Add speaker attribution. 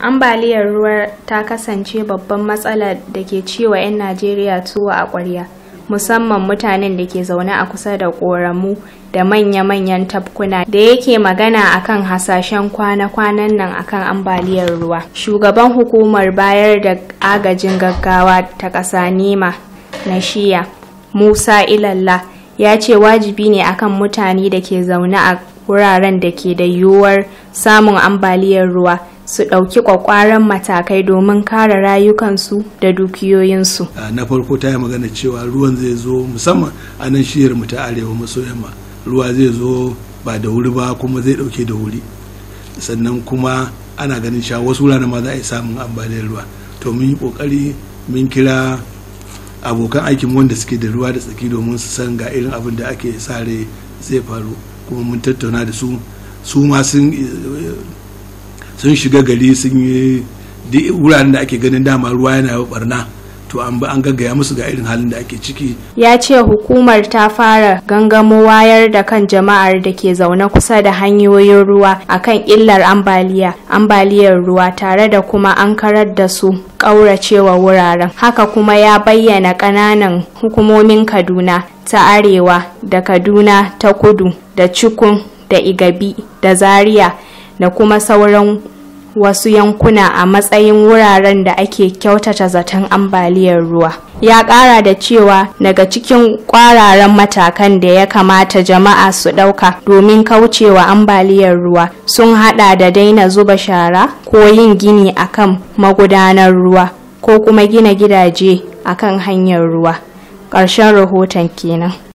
Speaker 1: ambaliyar ruwa ta kasance babban matsala da ke cewa 'yan najeriya tuwo a ƙwarya musamman mutanen da ke zaune a kusa da ƙoramu da manya-manyan tabkuna. da yake magana akan hasashen kwana-kwanan nan akan ambaliyar ruwa shugaban hukumar bayar da agajin gaggawa ta ƙasa nema na shiya musa ilalla ya ce wajibi ne akan mutane da ke zaune a wuraren da ke da yiwuwar samun ambaliyar ruwa su ɗauki ƙwaƙwaran matakai domin kare rayukansu da dukiyoyinsu.
Speaker 2: Ah, na farko ta yi magana cewa ruwan zai zo musamman a nan shiyar mu ta arewa maso yamma ruwa zai zo ba da wuri ba kuma zai ɗauke da wuri sannan kuma ana ganin sha wasu wuraren ma za a yi samun ambaliyar ruwa to mun yi ƙoƙari mun kira abokan aikin wanda suke da ruwa da tsaki domin su san ga irin abin da ake sare zai faru kuma mun tattauna da su su ma sun sun shiga gari sun yi wuraren da ake ganin dama ruwa yana barna to an bi an gaggaya musu ga irin halin da ake ciki
Speaker 1: ya ce hukumar ta fara gangamo wayar da kan jama'ar da ke zaune kusa da hanyoyin ruwa a kan illar ambaliya ambaliyar ruwa tare da kuma an karar da su kauracewa wuraren haka kuma ya bayyana ƙananan hukumomin kaduna ta arewa da kaduna ta kudu da cikun da igabi da zaria da kuma sauran wasu yankuna a matsayin wuraren da ake kyautata zaton ambaliyar ruwa ya ƙara da cewa daga cikin ƙwararan matakan da ya kamata jama'a su ɗauka domin kaucewa ambaliyar ruwa sun haɗa da daina zuba shara ko yin gini akan magudanar ruwa ko kuma gina gidaje akan hanyar ruwa ƙarshen rahoton kenan